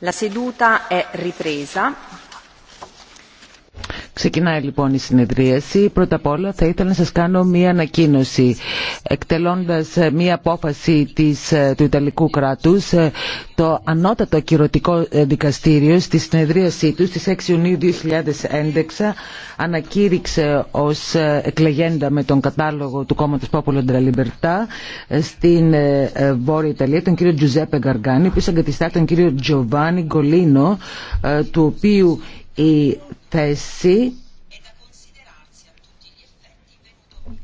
La seduta è ripresa. Ξεκινάει λοιπόν η συνεδρίαση. Πρώτα απ' όλα θα ήθελα να σας κάνω μία ανακοίνωση. Εκτελώντας ε, μία απόφαση της, ε, του Ιταλικού κράτους, ε, το ανώτατο ακυρωτικό δικαστήριο στη συνεδρίασή του στις 6 Ιουνίου 2011 ανακήρυξε ως εκλεγέντα με τον κατάλογο του κόμματος Popolo della Libertà στην Βόρεια Ιταλία τον κύριο Τζουζέπε Γκαργάνη, που εγκατιστά τον κύριο Τζοβάνι Γκολίνο, του οποίου η θέση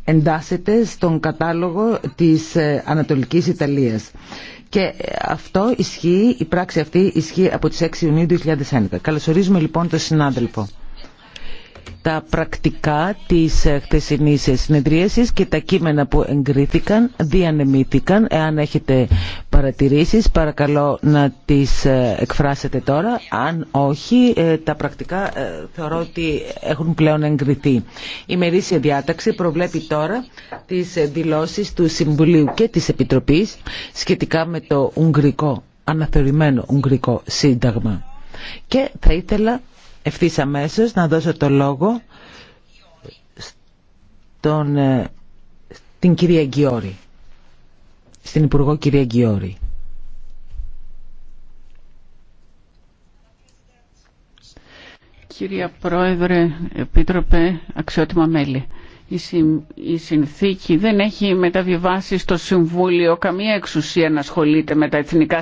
εντάσσεται στον κατάλογο της ε, Ανατολικής Ιταλίας. Και ε, αυτό ισχύει, η πράξη αυτή ισχύει από τις 6 Ιουνίου 2011. Καλωσορίζουμε λοιπόν τον συνάδελφο. Τα πρακτικά της ε, χτεσινής συνεδρίασης και τα κείμενα που εγκρίθηκαν διανεμήθηκαν. Εάν έχετε παρατηρήσεις παρακαλώ να τις ε, εκφράσετε τώρα. Αν όχι, ε, τα πρακτικά ε, θεωρώ ότι έχουν πλέον εγκριθεί. Η μερίσια διάταξη προβλέπει τώρα τις δηλώσεις του Συμβουλίου και της Επιτροπής σχετικά με το Ουγγρικό, αναθεωρημένο Ουγγρικό Σύνταγμα. Και θα ήθελα ευθύ αμέσω να δώσω το λόγο στον, στην κυρία Γκιόρη στην Υπουργό κυρία Γκιώρη. Κυρία Πρόεδρε, Επίτροπε, αξιότιμα μέλη. Η συνθήκη δεν έχει μεταβιβάσει στο Συμβούλιο καμία εξουσία να ασχολείται με τα εθνικά